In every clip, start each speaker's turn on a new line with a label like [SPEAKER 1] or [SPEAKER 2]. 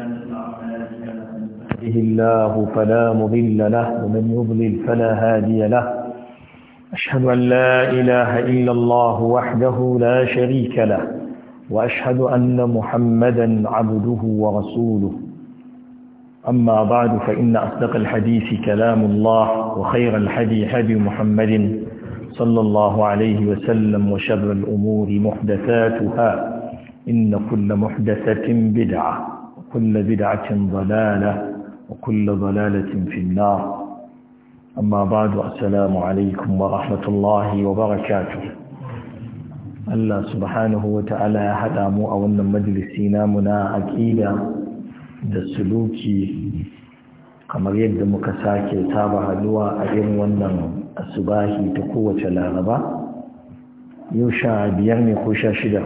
[SPEAKER 1] يهده الله فلا مضل له ومن يضلل فلا هادي له أشهد أن لا إله إلا الله وحده لا شريك له وأشهد أن محمدا عبده ورسوله أما بعد فإن أصدق الحديث كلام الله وخير الحدي حدي محمد صلى الله عليه وسلم وشر الأمور محدثاتها إن كل محدثة بدعة وكل بدعة ضلالة وكل ضلالة في النار أما بعد السلام عليكم ورحمة الله وبركاته الله سبحانه وتعالى هدامو أولا مجلسينا منا أكيدا da suluki kamar yadda muka sake saba haduwa a irin wannan asubahi ta kowace laraba yau sha biyar ne ko sha shida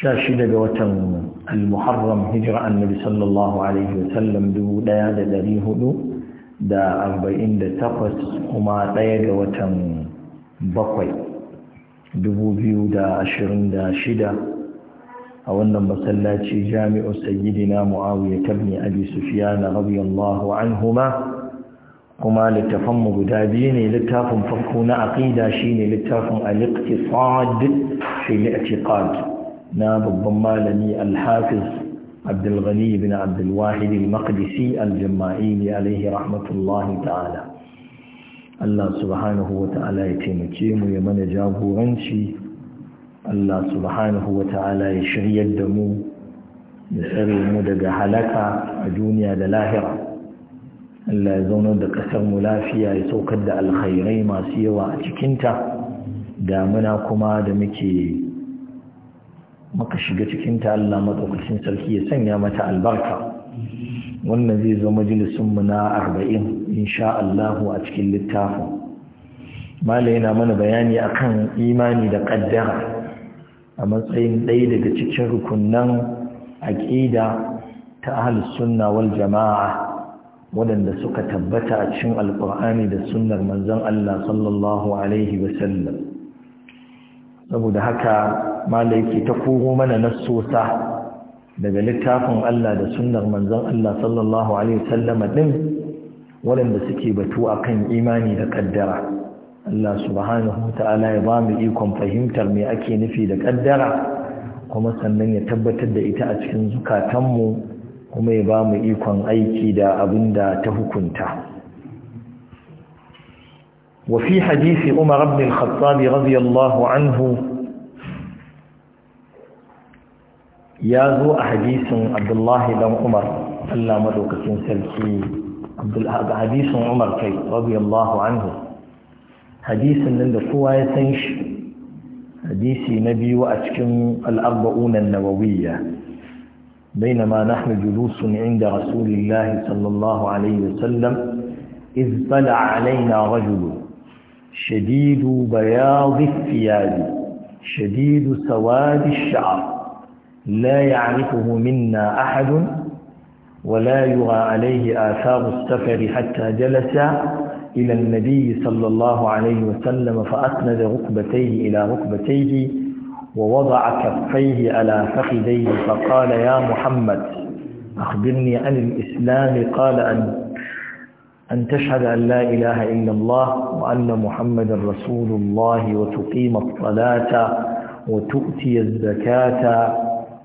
[SPEAKER 1] شاشد وتن المحرم هجرة النبي صلى الله عليه وسلم دو ديا دري هدو دا أربعين دا تقص وما ديا وتن بقوي دبو بيو دا عشرين دا شدة أولا مسلاتي جامع سيدنا معاوية بن أبي سفيان رضي الله عنهما kuma littafanmu guda biyu ne littafin farko na aƙida shine littafin al-iqtisad fi al-i'tiqad na babban malami alhafiz abdulghani bin abdulwahid al-maqdisi al-jama'i ne alaihi rahmatullahi ta'ala Allah subhanahu wa ta'ala ya taimake mu ya mana jagoranci Allah subhanahu wa ta'ala ya shiryar da mu ya tsare mu daga halaka a duniya da lahira Allah ya zaunar da ƙasar mu lafiya ya saukar da alkhairai masu yawa a cikinta da muna kuma da muke muka shiga cikin ta Allah madaukakin sarki ya sanya mata albarka wannan zai zo majalisunmu mu na arba'in, insha allahu a cikin littafin mala yana mana bayani akan imani da ƙaddara. a matsayin ɗaya daga cikin rukunnan aqida ta ahlus sunna wal jama'a waɗanda suka tabbata a cikin alƙur'ani da sunnar manzon Allah sallallahu alaihi sallam" saboda haka mala ta koro mana sosa. daga littafin Allah da sunnar manzon Allah sallallahu alaihi wasallam waɗanda suke batu a kan imani da kaddara Allah subhanahu ta'ala ya ba mu ikon fahimtar me ake nufi da kaddara kuma sannan ya tabbatar da ita a cikin zukatanmu kuma ya ba mu ikon aiki da abin da ta hukunta وفي حديث عمر بن الخطاب رضي الله عنه يا زو أحاديث عبد الله بن عمر صلى مدوكة سلسي عبد الحديث عمر كي رضي الله عنه حديث من الدفوة يتنش حديث نبي وأتكم الأربعون النووية بينما نحن جلوس عند رسول الله صلى الله عليه وسلم إذ طلع علينا رجل شديد بياض الثياب شديد سواد الشعر لا يعرفه منا أحد ولا يرى عليه آثار السفر حتى جلس إلى النبي صلى الله عليه وسلم فأسند ركبتيه إلى ركبتيه ووضع كفيه على فخذيه فقال يا محمد أخبرني عن الإسلام قال أن أن تشهد أن لا إله إلا الله وأن محمد رسول الله وتقيم الصلاة وتؤتي الزكاة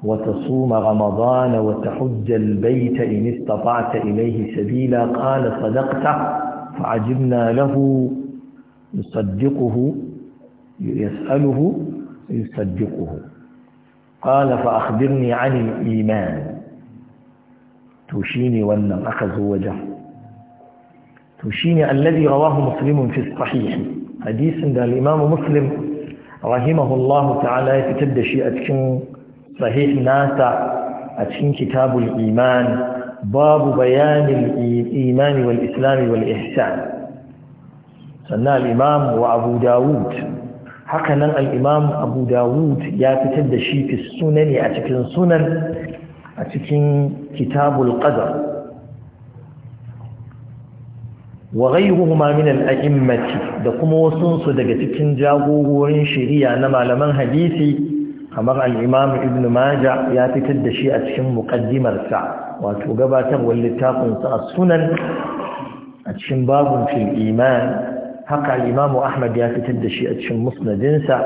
[SPEAKER 1] وتصوم رمضان وتحج البيت إن استطعت إليه سبيلا قال صدقت فعجبنا له يصدقه يسأله يصدقه قال فأخبرني عن الإيمان توشيني وأن أخذ وجه توشيني الذي رواه مسلم في الصحيح حديث عند الإمام مسلم رحمه الله تعالى شيئة أتكن sahih nasa a cikin kitabul iman babu bayanin imani wal islami wal ihsan sannan al'imam wa abu dawud haka nan al'imam abu dawud ya fitar da shi fi sunani a cikin sunan a cikin kitabul qadar wa ghayruhuma min al-a'immati da kuma wasunsu daga cikin jagororin shari'a na malaman hadisi kamar al'imamu ibn maja ya fitar da shi a cikin muƙaddimarsa wato gabatarwar littafinsa a sunan a cikin babun fil iman haka al'imamu ahmad ya fitar da shi a cikin musnadinsa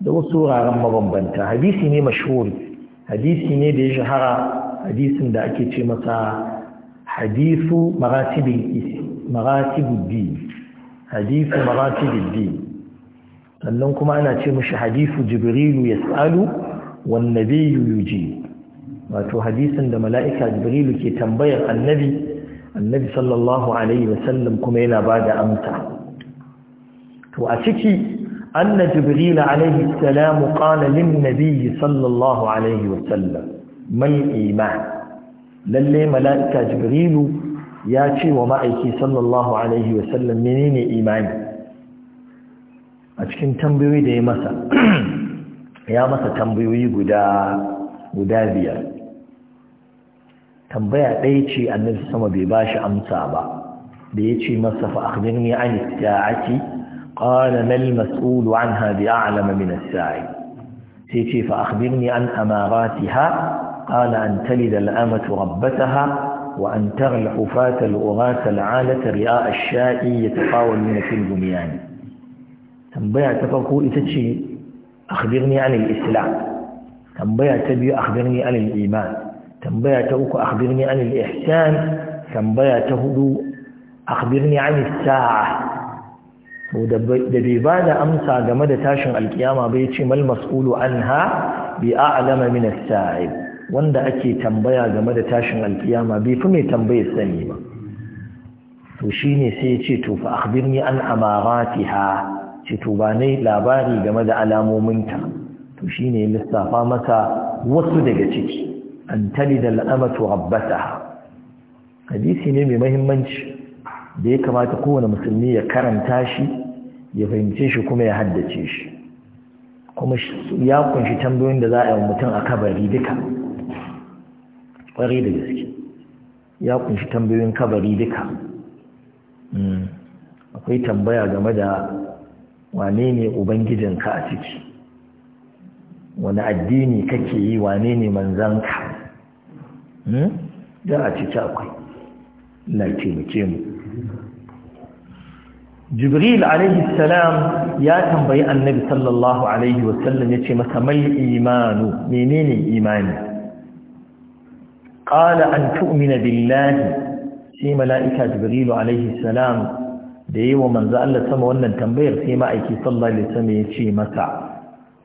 [SPEAKER 1] da wasu wuraren mabambanta hadisi ne mashhuri hadisi ne da ya shahara hadisin da ake ce masa hadisu maratibin isi maratibu di hadisu maratibin di sannan kuma ana ce mashi hadisu jibrilu ya tsalu wannabi yuji wato hadisin da mala'ika jibrilu ke tambayar annabi annabi sallallahu alaihi wasallam kuma yana ba da amsa to a ciki anna jibril alaihi salamu lin sallallahu alaihi wasallam iman lalle mala'ika jibrilu ya ce wa ma'aiki sallallahu alaihi wasallam menene imani a cikin tambayoyi da ya masa ya masa tambayoyi guda guda biyar tambaya ɗaya ce annabi sama bai ba shi amsa ba da ya ce masa fa akhbirni an sa'ati qala mal mas'ul anha bi'alama min as-sa'i sai ce fa akhbirni an amaratiha قال أن تلد الأمة ربتها وأن تغلق فات الأغاة العالة رئاء الشاء يتقاولون في البنيان
[SPEAKER 2] tambaya ta farko ita ce
[SPEAKER 1] akhbirni anil islam tambaya ta biyu akhbirni anil iman tambaya ta uku akhbirni anil ihsan tambaya ta hudu akhbirni anil sa'a da bai ba da amsa game da tashin alkiyama bai ce mal mas'ulu anha bi a'lama min as-sa'ib wanda ake tambaya game da tashin alkiyama bai fi mai tambaye sani ba to shine sai ya ce to fa akhbirni an amaratiha ce to ba ne labari game da alamominta to shine lissafa masa wasu daga ciki an da al'amatu rabbataha hadisi ne mai mahimmanci da ya kamata kowane musulmi ya karanta shi ya fahimce shi kuma ya haddace shi kuma ya kunshi tambayoyin da za a yi mutum a kabari duka ƙwarai da gaske ya kunshi tambayoyin kabari duka hmm. akwai tambaya game da wane ne ubangijinka a ciki wani addini kake yi wane ne manzanka hmm? da a ciki akwai taimake mu jibril alaihi salam ya tambayi annabi sallallahu alaihi wasallam ya ce masa mal imanu mene ne imani Ƙala an تؤمن بالله sai Mala'ika Jibrilu alaihi salam. da yi wa manzo Allah sama wannan tambayar sai ma'aiki sallallahu alaihi wasallam ya ce masa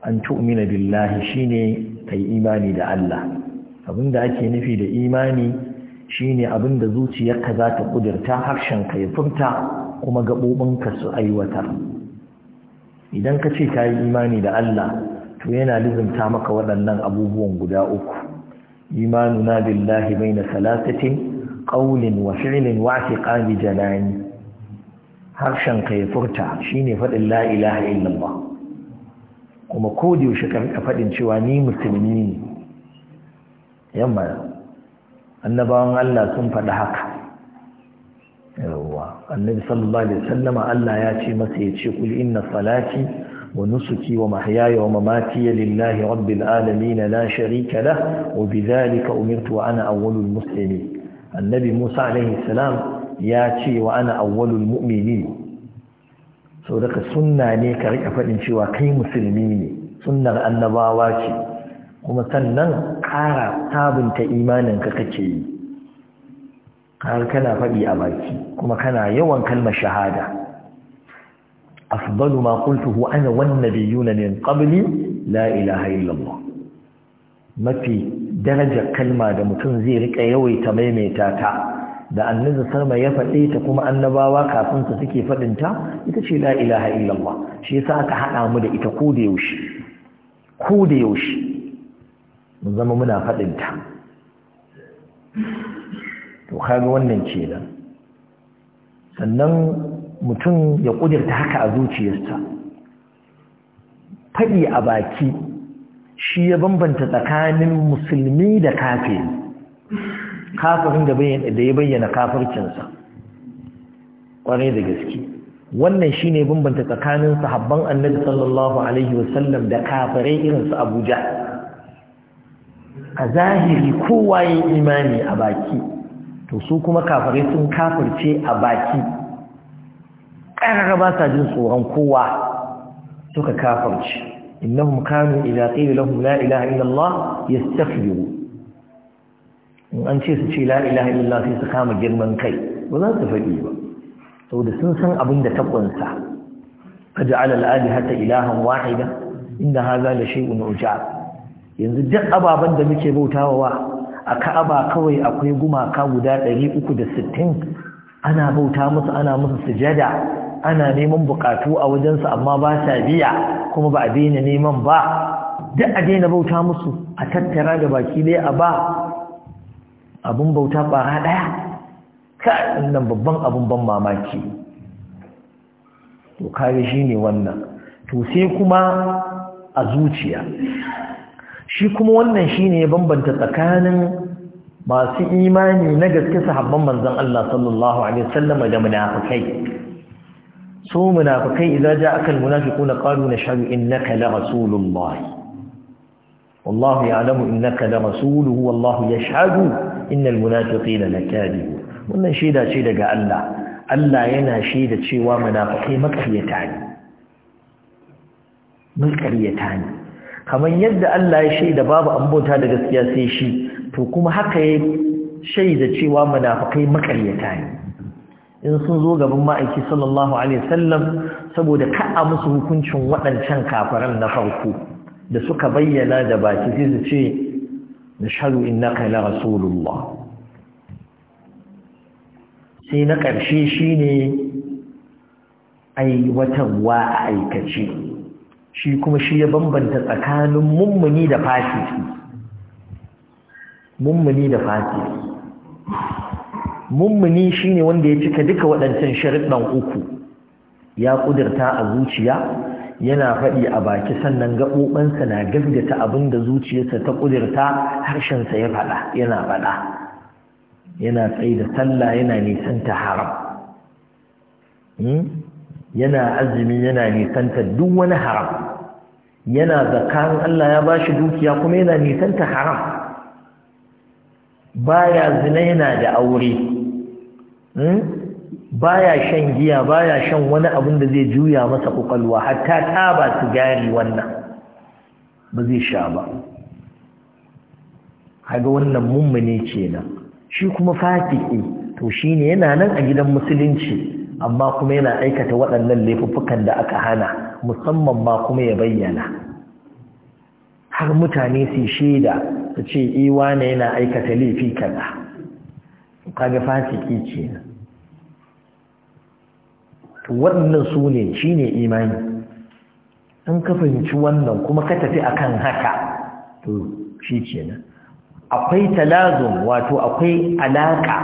[SPEAKER 1] an tu'mina billahi shine kai imani da Allah abinda ake nufi da imani shine abinda zuciyarka za ta kudurta harshen ka ya furta kuma ka su aiwata. idan ka ce ka imani da Allah to yana lizumta maka waɗannan abubuwan guda uku imanuna billahi baina salatatin qawlin wa fi'lin wa i'tiqadi jalani harshen ka ya furta shine faɗin la ilaha illallah kuma ko da yaushe ka rika faɗin cewa ni musulmi ne yamma annabawan Allah sun faɗi haka yawwa annabi sallallahu alaihi wasallama Allah ya ce masa ya ce kul inna salati wa nusuki wa mahyaya wa mamati lillahi rabbil alamin la sharika lah wa bidhalika umirtu wa ana awwalul muslimin annabi Musa alaihi salam ya ce wa ana awwalul mu'mini so daga sunna ne ka rika faɗin cewa kai musulmi ne sunnar annabawa ce kuma sannan ƙara sabunta imaninka kake yi har kana faɗi a baki kuma kana yawan kalmar shahada afdalu ma qultuhu ana wan nabiyuna min qabli la ilaha illallah mafi darajar kalma da mutum zai rika yawaita maimaita ta da annabi sarma ya faɗe ta kuma annabawa kafin su suke faɗin ta ita ce la ilaha illallah shi yasa aka haɗa mu da ita ko da yaushe ko da yaushe mu zama muna faɗin ta to kaga wannan ce da sannan mutum ya ƙudirta haka a zuciyarsa faɗi a baki shi ya bambanta tsakanin musulmi da kafin kafirin da ya bayyana kafircinsa ƙwarai da gaske wannan shine bambanta tsakanin sahabban annabi sallallahu alaihi wasallam da kafirai irin su abuja a zahiri kowa ya imani a baki to su kuma kafirai sun kafirce a baki ƙararra ba sa jin tsoron kowa suka kafirce innahum kanu idza qila lahum la ilaha illallah yastaghfiru in an ce su ce la ilaha illallah sai su kama girman kai ba za su faɗi ba saboda sun san abin da ta kunsa faj'al al hata ilahan wahida inda haza da shay'un ujab yanzu duk ababen da muke bautawa wa a Ka'aba kawai akwai gumaka guda 360 ana bauta musu ana musu sujada ana neman bukatu a wajensu amma ba sa biya kuma ba a daina neman ba duk a daina bauta musu a tattara da baki dai a ba abun bauta ƙwara ɗaya ka nan babban abun ban mamaki to kare shi ne wannan to sai kuma a zuciya shi kuma wannan shi ne bambanta tsakanin masu imani na gaske sahabban manzon Allah sallallahu alaihi wasallam da munafikai su munafikai idza ja'aka almunafiquna na nashhadu innaka la rasulullah wallahu ya'lamu innaka la rasuluhu wallahu yashhadu innal munafiqina lakadib wannan shaida ce daga Allah Allah yana shaida cewa munafikai makariyata ne makariyata ne kamar yadda Allah ya shaida babu ambota da gaskiya sai shi to kuma haka ya shaida cewa munafikai makariyata ne in sun zo gaban ma'aiki sallallahu alaihi wasallam saboda ka'a musu hukuncin waɗancan kafaran na farko da suka bayyana da baki sai su ce nashhadu innaka la rasulullah sai na ƙarshe shine aiwatarwa a aikace shi kuma shi ya bambanta tsakanin mummuni da fasiki mummuni da fasiki mummuni shine wanda ya cika duka waɗancan sharuɗan uku ya ƙudurta a zuciya yana faɗi a baki sannan gaɓoɓansa na gaskata abin da zuciyarsa ta ƙudurta harshensa ya faɗa yana faɗa yana tsaye da sallah yana nisan ta haram hmm? yana azumi yana nisan ta duk wani haram yana zakan Allah ya bashi dukiya kuma yana nisan ta haram baya zina yana da aure hmm? baya shan giya baya shan wani abin da zai juya masa kwakwalwa hatta taba sigari wannan ba zai sha ba haga wannan mummune kenan shi kuma fatiki to shi ne yana nan a gidan musulunci amma kuma yana aikata waɗannan laifuffukan da aka hana musamman ba kuma ya bayyana har mutane su shaida su ce iwa eh, ne yana aikata laifi kaza kaga fasiki kenan wannan su ne shi ne imani an ka fahimci wannan kuma ka tafi akan haka to shi kenan akwai talazun wato akwai alaka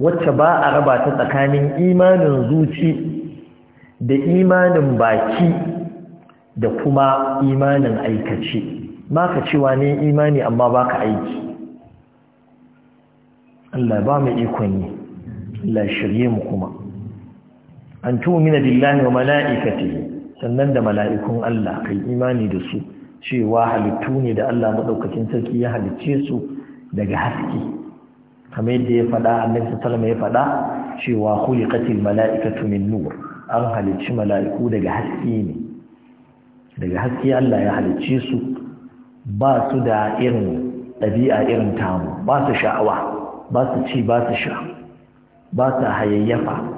[SPEAKER 1] wacce ba a raba ta tsakanin imanin zuci da imanin baki da kuma imanin aikace ba ka cewa ne imani amma ba ka aiki Allah ba mu ikon ne Allah shirye mu kuma an tu'mina billahi wa mala'ikatihi sannan da mala'ikun Allah kai imani da su cewa halittu ne da Allah madaukakin sarki ya halicce su daga haske kamar yadda ya faɗa annabi sallallahu ya faɗa cewa khuliqatil mala'ikatu min nur an halicci mala'iku daga haske ne daga haske Allah ya halicce su ba su da irin ɗabi'a irin tamu ba su sha'awa ba su ci ba su sha ba su hayayyafa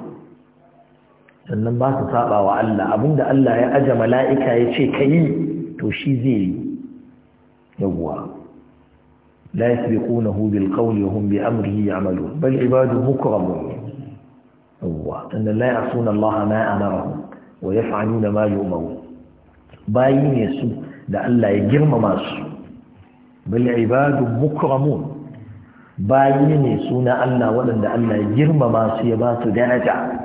[SPEAKER 1] sannan ba su saba wa Allah abinda Allah ya aje mala'ika ya ce ka yi to shi zai yi yawwa la yasbiqunahu bil qawli hum bi ya ya'malun bal ibadu mukramun yawwa sannan la ya'suna Allah ma amarahum wa ya yaf'aluna ma yu'marun bayi ne su da Allah ya girmama su bal ibadu mukramun bayi ne suna Allah waɗanda Allah ya girmama su ya ba su daraja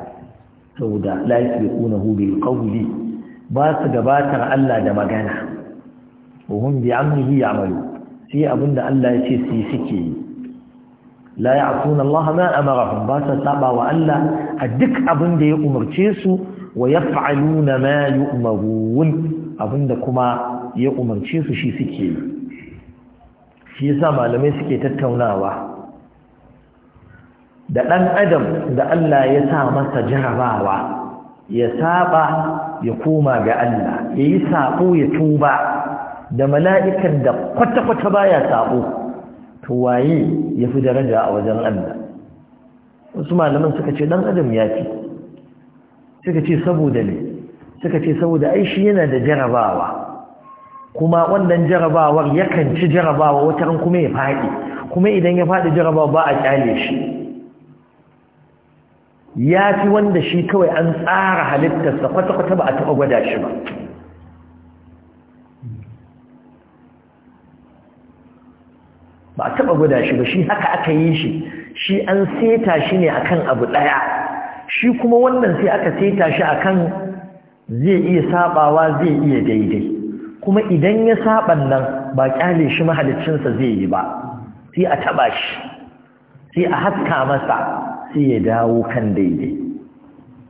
[SPEAKER 1] saboda laifin ya kuna hube kawuli ba gabatar Allah da magana ohun bi an yi ya mayu sai abinda Allah ya ce su yi suke yi la ya akuna Allah ma amara hun ba su wa Allah a duk abinda ya umarce su wa ya fa'alu na ma yi umarun abinda kuma ya umarce su shi suke yi shi yasa malamai suke tattaunawa da ɗan adam da Allah ya sa masa jarabawa ya saba ya koma ga Allah ya yi saɓo ya tuba da mala'ikan da kwata-kwata baya saɓo to waye ya fi daraja a wajen Allah wasu malaman suka ce ɗan adam ya ce, suka ce saboda ne suka ce saboda aishi yana da jarabawa kuma wannan jarabawar yakan ci jarabawa wata kuma ya faɗi kuma idan ya faɗi jarabawa ba a ƙyale shi ya fi wanda shi kawai an tsara halittarsa kwata-kwata ba a taɓa gwada shi ba ba a taɓa gwada shi ba shi haka aka yi shi shi an seta shi ne akan abu ɗaya shi kuma wannan sai aka seta shi akan zai iya saɓawa zai iya daidai kuma idan ya saɓan nan ba ƙyale shi mahalicinsa zai yi ba sai a taɓa shi sai a haska masa sai ya dawo kan daidai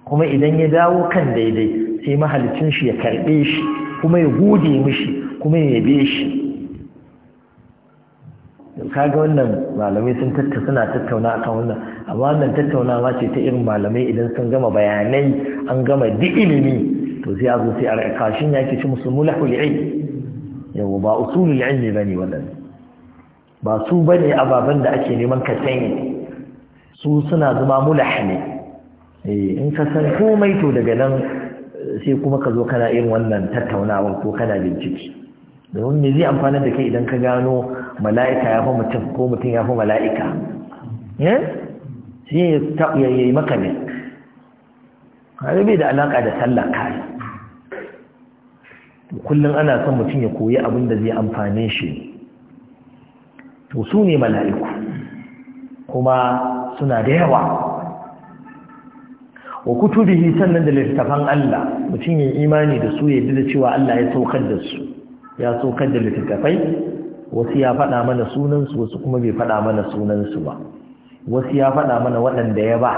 [SPEAKER 1] kuma idan ya dawo kan daidai sai mahalicin shi ya karbe shi kuma ya gode mishi kuma ya yabe shi
[SPEAKER 2] kaga wannan malamai sun tattauna suna tattauna akan wannan amma wannan tattaunawa ce ta irin malamai idan sun gama bayanai an gama duk ilimi
[SPEAKER 1] to sai azo sai a kashin yake ci musu mulahul ilm yawa ba usulul ilmi bane wannan ba su bane ababan da ake neman ka su suna zama mulah eh, in ka san komai to daga nan eh, sai kuma ka zo kana irin wannan tattaunawar ko kana bincike domin me zai amfana da kai idan ka gano mala'ika ya fi mutum ko mutum ya fi mala'ika eh? sai ya yi maka ne har bai da alaƙa da sallah kai kullum ana son mutum ya koyi abin da zai amfane shi to su ne mala'iku kuma suna da yawa wa kutubihi sannan da littafan Allah mutum ya imani da su ya da cewa Allah ya saukar da su ya saukar da littafai wasu ya faɗa mana sunansu wasu kuma bai faɗa mana sunansu ba wasu ya faɗa mana waɗanda ya ba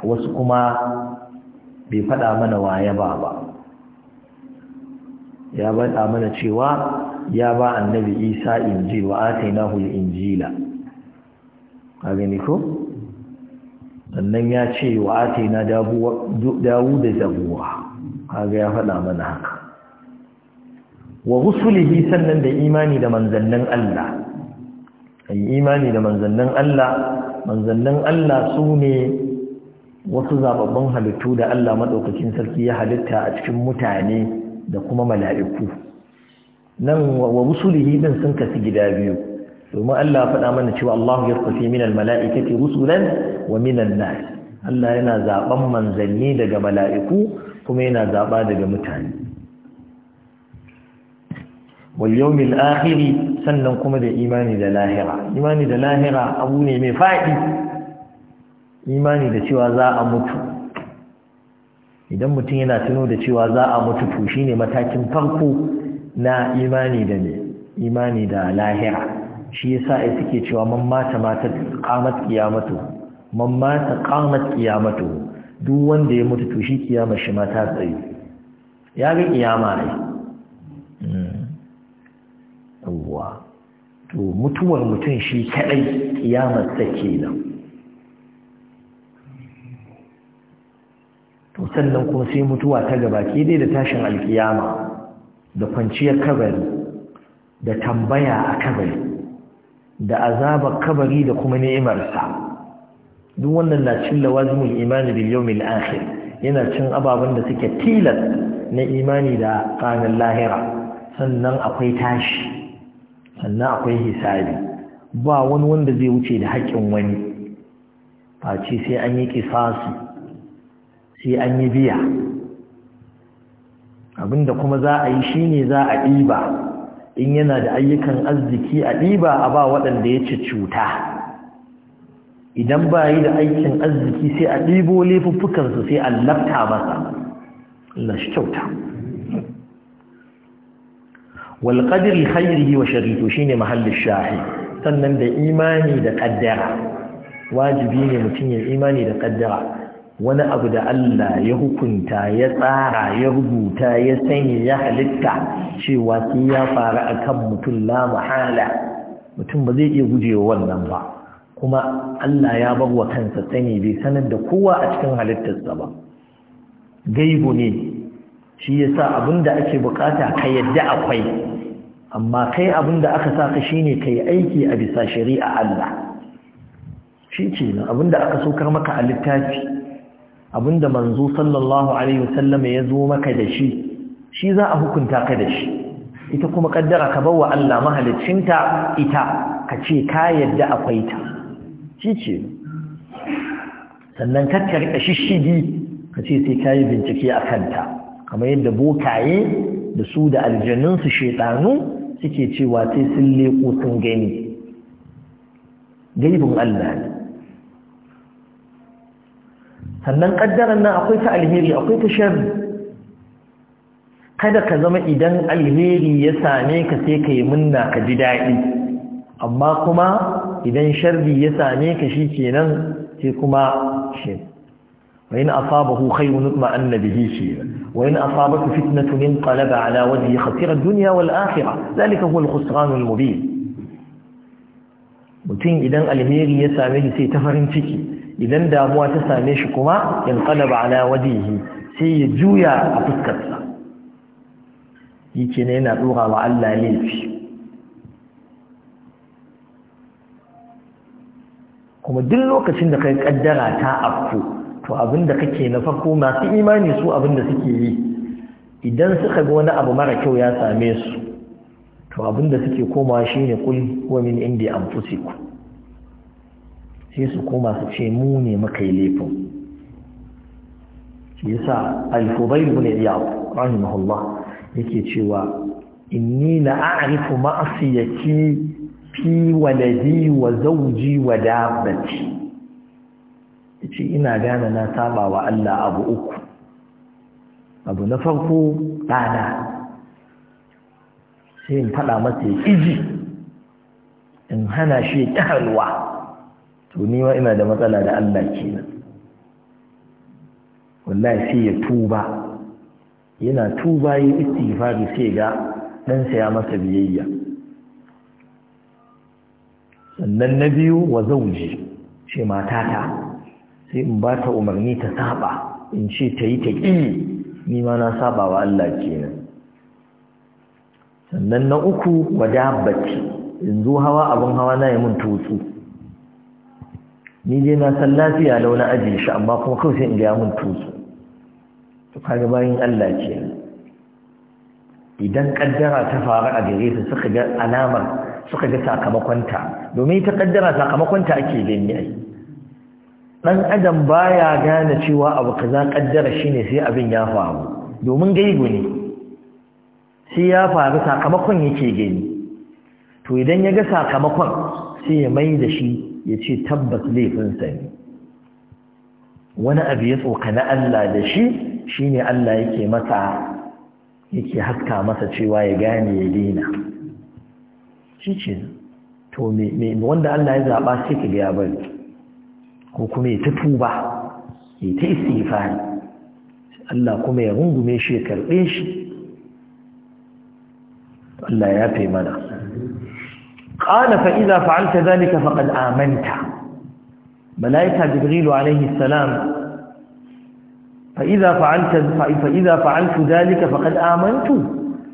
[SPEAKER 1] wasu kuma bai faɗa mana wa ya ba ba ya faɗa mana cewa ya ba annabi isa injil wa atainahu injila a gani ko sannan ya ce wa dawu da zabuwa kaga ya faɗa mana haka wa rusulihi sannan da imani da manzannin Allah ai imani da manzannin Allah manzannin Allah su ne wasu zababban halittu da Allah madaukakin sarki ya halitta a cikin mutane da kuma mala'iku nan wa rusulihi din sun kasu gida biyu domin Allah faɗa mana cewa Allah ya tafi min almala'ikati rusulan wa min annas Allah yana zaban manzanni daga mala'iku kuma yana zaba daga mutane wal yawmil akhir sannan kuma da imani da lahira imani da lahira abu ne mai faɗi imani da cewa za a mutu idan mutum yana tuno da cewa za a mutu to shine matakin farko na imani da ne imani da lahira shi yasa ai suke cewa man mata mata qamat qiyamatu man mata qamat qiyamatu duk wanda ya mutu to shi kiyama shi ma ta tsaye ya ga kiyama ne hmm. Allah to mutuwar mutum shi kadai kiyama ta kenan to sannan kuma sai mutuwa ta gaba ke dai da tashin alkiyama da kwanciyar kabari da tambaya a kabari da azabar kabari da kuma ni'imarsa duk wannan na cin lawazimul imani bil yawmil akhir yana cin ababen da suke tilas na imani da ranar lahira sannan akwai tashi sannan akwai hisabi ba wani wanda zai wuce da hakkin wani face sai an yi kisasi sai an yi biya abinda kuma za a yi shine za a ɗiba in yana da ayyukan arziki a ɗiba a ba waɗanda ya ci cuta idan ba yi da aikin arziki sai a ɗibo laifuffukansu sai a lafta masa Allah shi kyauta walƙadir wa sharito shi ne mahallin shahi sannan da imani da ƙaddara wajibi ne mutum ya imani da ƙaddara wani abu da Allah ya hukunta ya tsara ya rubuta ya sanya ya halitta cewa sai ya faru akan mutum la muhala mutum ba zai iya gujewa wannan ba kuma Allah ya bar wa kansa sani bai sanar da kowa a cikin halittarsa ba gaibu ne shi yasa da ake bukata ka yadda akwai amma kai da aka saka shine kai aiki a bisa shari'a Allah shi ce abinda aka sokar maka a littafi abinda manzo sallallahu alaihi wasallam ya zo maka da shi shi za a hukunta ka da shi ita kuma kaddara ka bawa Allah mahaliccinta ita ka ce ka yadda akwai ta shi ce sannan ka karɓa shishigi ka ce sai ka yi bincike a kanta kamar yadda bokaye da su da aljanunsu shaitanu suke cewa sai sun leko sun gani gaibin Allah ne sannan ƙaddarar nan akwai ta alheri akwai ta sharri kada ka zama idan alheri ya same ka sai ka yi munna ka ji daɗi amma kuma idan sharri ya same ka shi kenan sai kuma shi وإن أصابه خير اطمأن به شيئا وإن أصابته فتنة انقلب على وجهه خسر الدنيا والآخرة ذلك هو الخسران المبين mutum idan alheri ya same shi sai ta farin ciki idan damuwa ta same shi kuma in qalaba ala wajihi sai ya juya a fuskarsa yake ne yana dora wa Allah laifi kuma duk lokacin da kai kaddara ta afku to abinda kake na farko masu imani su abinda suke yi idan suka ga wani abu mara kyau ya same su to abinda suke komawa shine kul wa min indi anfusikum sai su koma su ce mu ne muka yi laifin shi yasa al-fubayl ibn iyad rahimahullah yake cewa inni la a'rifu ma'siyati fi waladi wa zawji wa dabbati yace ina gane na saba wa Allah abu uku abu na farko ɗana sai in fada masa ya iji in hana shi ya ƙi halwa to ni ma ina da matsala da Allah nan wallahi sai ya tuba yana tuba yi istighfari sai ga ɗansa ya masa biyayya sannan na biyu wa zauji ce matata sai in ba ta umarni ta saba in ce ta yi ta ƙi ni ma na saba wa Allah nan sannan na uku wa dabbati yanzu hawa abin hawa na yi mun tutsu ni dai na san lafiya lau na ajiye shi amma kuma kawai sai in ga mun tusu to kaga bayin Allah ce idan kaddara ta faru a gare su suka ga alamar suka ga sakamakonta domin ta kaddara sakamakonta ake gani ai dan adam baya gane cewa abu kaza kaddara shine sai abin ya faru domin gaibu ne sai ya faru sakamakon yake gani to idan ya ga sakamakon sai ya mai da shi ya ce tabbas laifinsa ne wani abu ya tsoka na Allah da shi shi ne Allah yake masa yake haska masa cewa ya gane ya dina shi ce to wanda Allah ya zaɓa sai ka ya bari ko kuma ya ta ba. ya ta istifani Allah kuma ya rungume shi ya karɓe shi Allah ya fi mana qala fa idza fa'alta dhalika faqad amanta malaika jibril alayhi salam فإذا فعلت فإذا فعلت ذلك فقد آمنت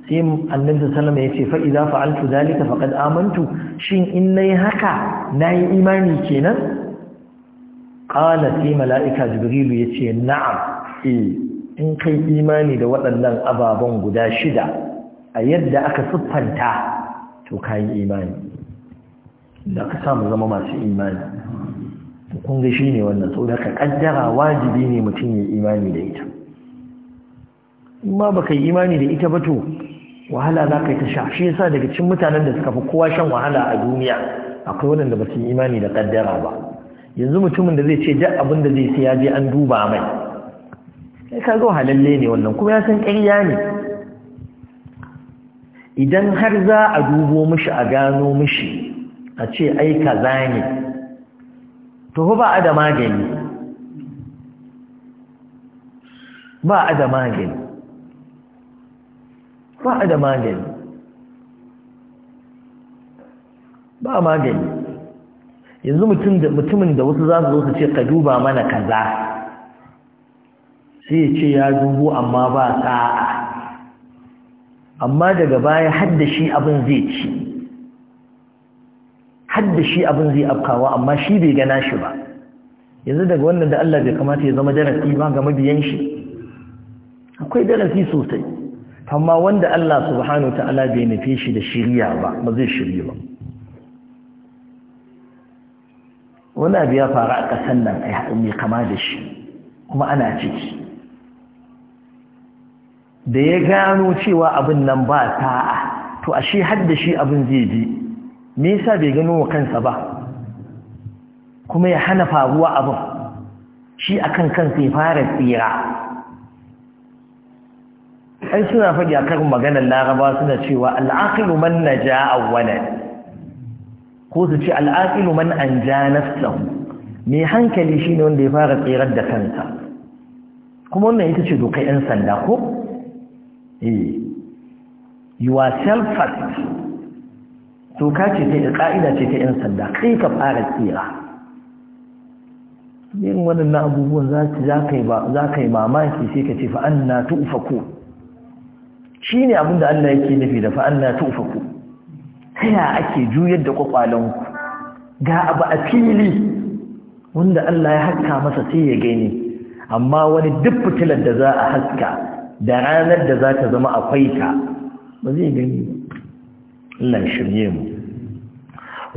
[SPEAKER 1] sai annabi sallama yace fa idza fa'altu dhalika faqad amantu shin in nayi haka nayi imani kenan qala sai malaika jibrilu yace na'am eh, in kai imani da waɗannan ababan guda shida a yadda aka siffanta to kai imani da ka samu zama masu imani kun ga shi ne wannan tsoron ka kaddara wajibi ne mutum ya imani da ita in ma baka yi imani da ita ba to wahala za ka yi ta sha shi yasa daga cikin mutanen da suka fi kowa shan wahala a duniya akwai waɗanda ba su yi imani da kaddara ba yanzu mutumin da zai ce duk abin da zai sai ya je an duba mai sai ka zo halalle ne wannan kuma ya san ƙarya ne idan har za a dubo mishi a gano mishi a ce ai kaza ne to ba a da magani ba a da magani ba a da magani ba magani yanzu mutumin da wasu za su zo su ce ka duba mana kaza sai ce ya dubu amma ba sa'a amma daga baya haddashi abin zai ci hadda shi abin zai afkawa amma shi bai gana shi ba yanzu daga wannan da Allah bai kamata ya zama darasi ba ga mabiyan shi akwai darasi sosai amma wanda Allah subhanahu wa ta'ala bai nufe shi da shiriya ba ba zai shirya ba wani abu ya a kasan nan a mai kama da shi kuma ana ciki da ya gano cewa abin nan ba ta'a to a hadda shi abin zai je. me yasa bai gano wa kansa ba kuma ya hana faruwa abin shi akan kansa ya fara tsira ai suna faɗi a karin maganar laraba suna cewa al'aqilu man a awwalan ko su ce al'aqilu man anja nafsahu mai hankali ne wanda ya fara tsirar da kansa kuma wannan ita ce dokar 'yan sanda ko eh you are self first doka ce ta ƙa'ida ce ta 'yan sanda kai ka fara tsira yin waɗannan abubuwan za ka yi mamaki sai ka ce fa'an na tufaku shi ne abinda Allah yake nufi da fa'an na tufaku ta ake juyar da ƙwaƙwalonku? ga abu a fili wanda Allah ya haska masa sai ya gani amma wani duk fitilar da za a haska da ranar da za ta zama akwai ta ba zai gani Allah shirye mu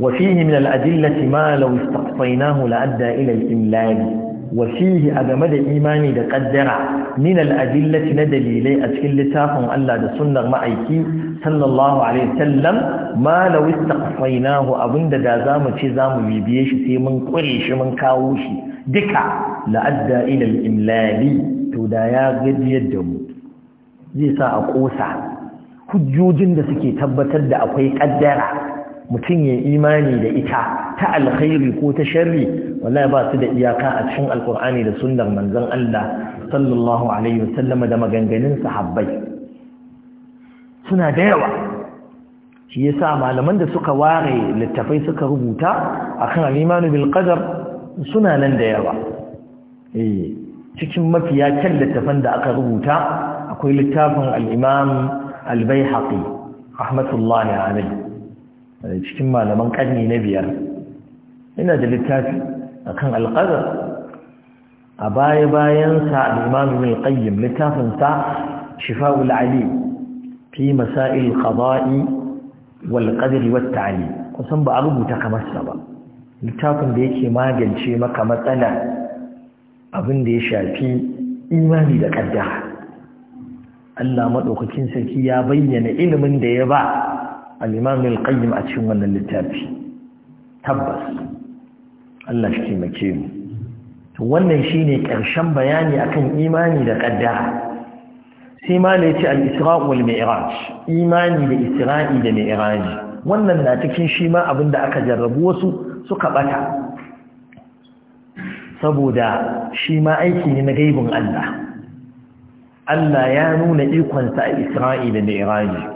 [SPEAKER 1] وفيه من الأدلة ما لو استقصيناه لأدى إلى الإملال وفيه أجمد إيماني دقدر من الأدلة ندليلي أتكلتاهم ألا دسنة معيكي صلى الله عليه وسلم ما لو استقصيناه أبن دازام تزام بيبيش تيمن قريش من كاوشي دكا لأدى إلى الإملال تدايا قد يدهم زي ساعة قوسع hujjojin da suke tabbatar da akwai kaddara mutum ya imani da ita ta alkhairi ko ta sharri wallahi ba su da iyaka a cikin alkur'ani da sunnar manzon Allah sallallahu alaihi wasallam da maganganun sahabbai suna da yawa shi yasa malaman da suka ware littafai suka rubuta akan al-imanu bil qadar suna nan da yawa eh cikin mafiya kan littafan da aka rubuta akwai littafin al-imam al-baihaqi rahmatullahi alaihi Eh, cikin malaman ƙarni na biyar ina da littafi kan alƙadar a baya-bayansa al'imam ibn al littafinsa shifa'ul ali fi masail ƙaba'i wal qadri kusan ba a rubuta kamar sa ba littafin da yake magance maka matsala abin da ya shafi imani da ƙadda. Allah madaukakin sarki ya bayyana ilimin da ya ba Alimamin al-qayyim a cikin wannan littafi tabbas Allah shi taimake mu Wannan wannan shine ƙarshen bayani akan imani da ƙadda. sai ma al-isra'u imani da isra'i da mi'raj wannan na cikin shi ma abinda aka jarrabu wasu suka ɓata. saboda shi ma aiki ne na gaibin Allah Allah ya nuna ikonsa a Isra'i da Mi'raji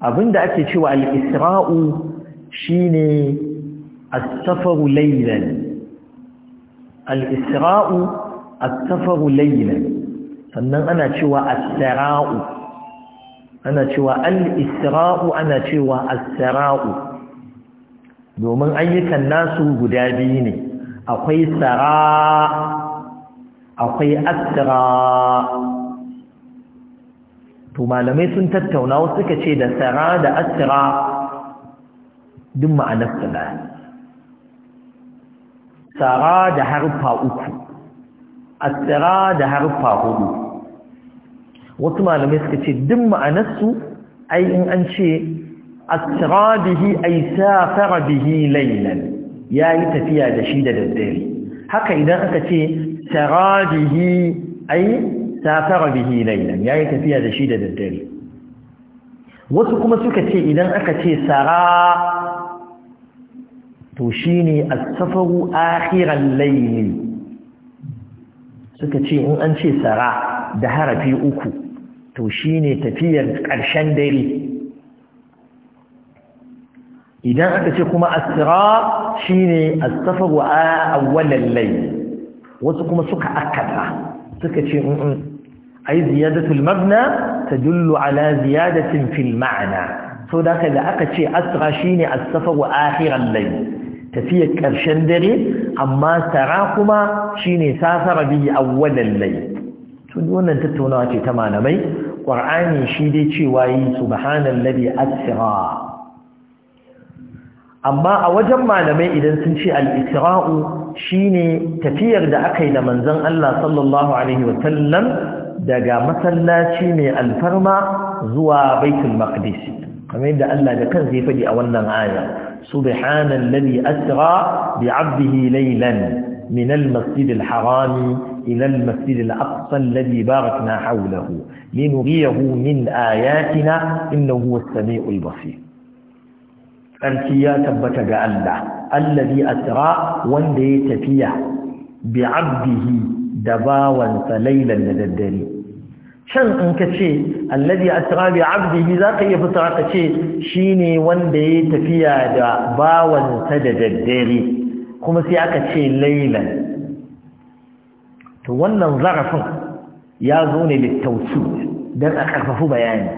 [SPEAKER 1] abinda ake cewa al-isra'u shine as-safaru laylan al-isra'u as-safaru laylan sannan ana cewa as-sara'u ana cewa al-isra'u ana cewa as-sara'u domin ayyukan nasu guda biyu ne akwai sara akwai asra to malamai sun tattauna wasu suka ce da sara da asira duk ma'anar su da da harfa uku asira da harfa hudu wasu malamai suka ce duk ma'anar su ai in an ce asira bihi ai safara bihi lailan ya yi tafiya da shi da daddare haka idan aka ce sara bihi ai safara bihi laylan yayi tafiya da shi da daddare wasu kuma suka ce idan aka ce sara to shine as-safaru akhiran layli suka ce in an ce sara da harafi uku to shine tafiyar ƙarshen dare idan aka ce kuma asira shine as-safaru awwalal layl wasu kuma suka akata suka ce in ai ziyadatul ta tadullu ala ziyadatin fil ma'ana so da ka da aka ce asra shine as-safar wa akhiran layl tafiyar karshen dare amma sara kuma shine safara bi awwalan layl to wannan tattaunawa ce ta malamai Ƙur'ani shi dai cewa yi subhanallazi asra amma a wajen malamai idan sun ce al-isra'u shine tafiyar da aka yi da manzon Allah sallallahu alaihi wa daga masallaci mai alfarma zuwa baitul maqdis kamar yadda Allah da kansa ya faɗi a wannan aya subhanallazi asra bi'abdihi laylan min al-masjid al-haram ila al-masjid al-aqsa alladhi barakna hawlahu linuriyahu min ayatina innahu was-sami'ul basir tsarki ya tabbata ga Allah allazi asra wanda ya tafiya bi'abdihi da bawansa lailan da daddare can in ka ce allazi asra bi abdihi za ka iya fita ka ce shine wanda ya tafiya da bawansa da daddare kuma sai aka ce lailan to wannan zarafin ya zo ne littausu don a karfafu bayani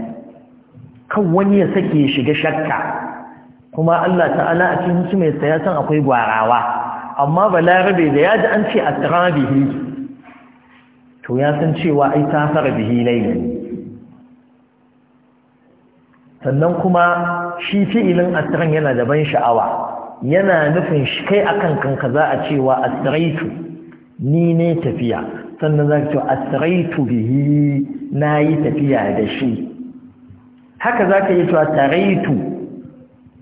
[SPEAKER 1] kan wani ya sake shiga shakka kuma Allah ta'ala a cikin su mai saya san akwai gwarawa amma balarabe da ya ji an ce asra bihi to ya san cewa ai ta fara bihi laili sannan kuma shi fi'ilin asran yana da ban sha'awa yana nufin shi kai akan kanka za a cewa asiraitu ni ne tafiya sannan za ka ce asiraitu bihi na yi tafiya da shi haka za ka yi cewa taraitu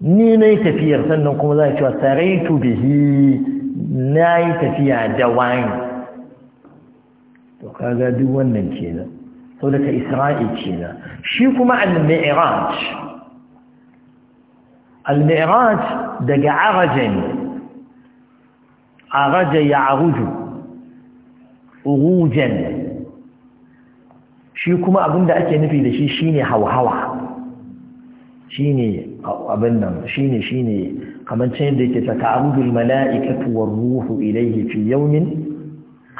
[SPEAKER 1] ni ne tafiyar sannan kuma za ka cewa taraitu bihi na yi tafiya da wani to kaga duk wannan kenan sau isra'il isra'i kenan shi kuma al-mi'raj al-mi'raj daga araja ne araja ya aruju urujan shi kuma abinda ake nufi da shi shine hauhawa shine abin nan shine shine kamar can yadda yake ta ta'arudul mala'ikatu war ruhu ilayhi fi yawmin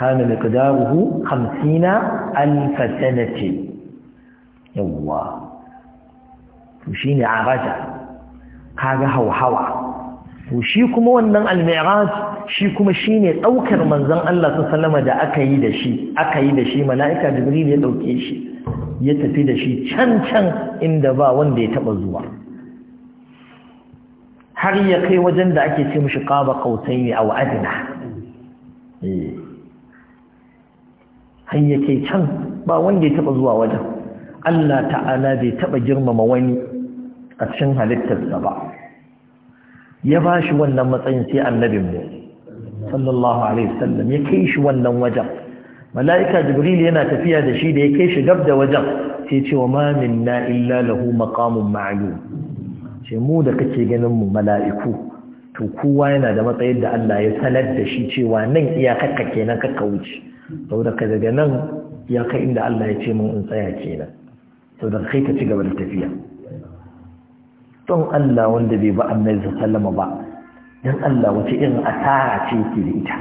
[SPEAKER 1] kana miqdaruhu 50 alf sanati yawa to shine araja kaga hauhawa to shi kuma wannan al shi kuma shine daukar manzon Allah sallallahu alaihi da aka yi da shi aka yi da shi mala'ika jibril ya dauke shi ya tafi da shi can can inda ba wanda ya taba zuwa har ya kai wajen da ake ce mishi qaba qautaini aw adna eh har yake can ba wanda ya taba zuwa wajen Allah ta'ala bai taba girmama wani a cikin halittarsa ba ya ba shi wannan matsayin sai annabin mu sallallahu alaihi wasallam ya kai shi wannan wajen mala'ika jibril yana tafiya da shi da ya kai shi gab da wajen sai ce wa ma minna illa lahu maqamun ma'lum ce mu da kake ganin mu mala'iku to kowa yana da matsayin da Allah ya sanar da shi cewa nan iyakarka kenan kakka wuce saboda daga nan ya kai inda Allah ya ce mun in tsaya nan saboda kai ta ci gaba da tafiya don Allah wanda bai ba annabi sallama ba dan Allah wace irin asara ce ke da ita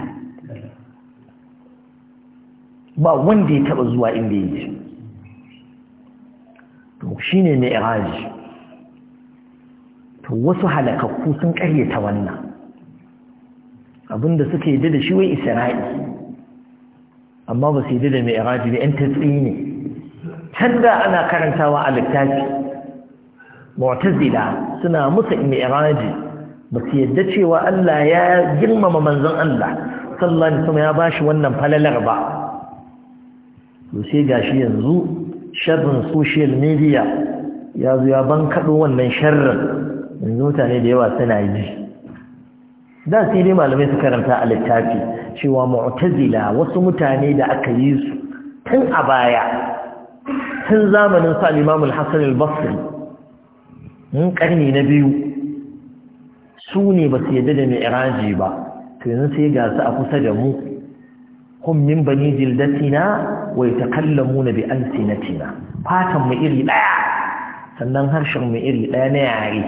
[SPEAKER 1] ba wanda ya taba zuwa inda yake to shine ne iraji to wasu halakakku sun karyata wannan abinda suke yi da shi wai isra'i amma ba su yi da mai iraji ne ‘yan tatsi ne can da ana karantawa a littafi mu'tazila suna musa mai iraji ba su yadda cewa Allah ya girmama manzon Allah sallallahu alaihi ya bashi wannan falalar ba to sai gashi yanzu sharrin social media ya zo ya bankaɗo wannan sharrin yanzu mutane da yawa suna yi da sai dai malamai su karanta a littafi cewa mu'tazila wasu mutane da aka yi su tun a baya tun zamanin sa Imam al-Hasan al-Basri mun karni na biyu su ne ba su yadda da mi'raji ba to yanzu sai ga su a kusa da mu hum min bani jildatina wa yatakallamuna bi alsinatina fatan mu iri daya sannan harshen mu iri daya na yare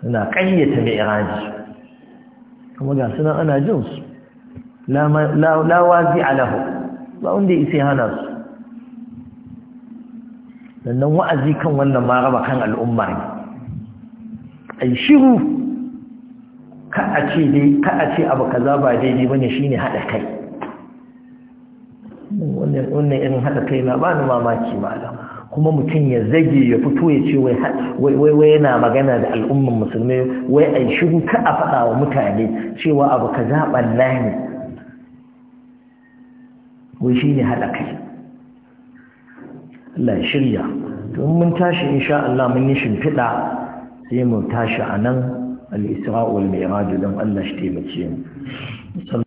[SPEAKER 1] suna kayyata mi'raji kuma ga ana jinsu. su alahu ba wanda ya isa hana su sannan wa'azi kan wannan ma raba kan al'umma ne ai shiru ka a ce dai ka ba daidai bane shine hada kai wannan irin hada kai na ba ni mamaki malama kuma mutum ya zage ya fito ya ce wai yana magana da al'umman musulmi wai a shiru ka a faɗa wa mutane cewa abu ka zaɓan na ne wai shi ne haɗa kai Allah ya shirya Tun mun tashi insha Allah mun yi shimfiɗa sai mu tashi a nan al-isra'ul mai don Allah shi taimake mu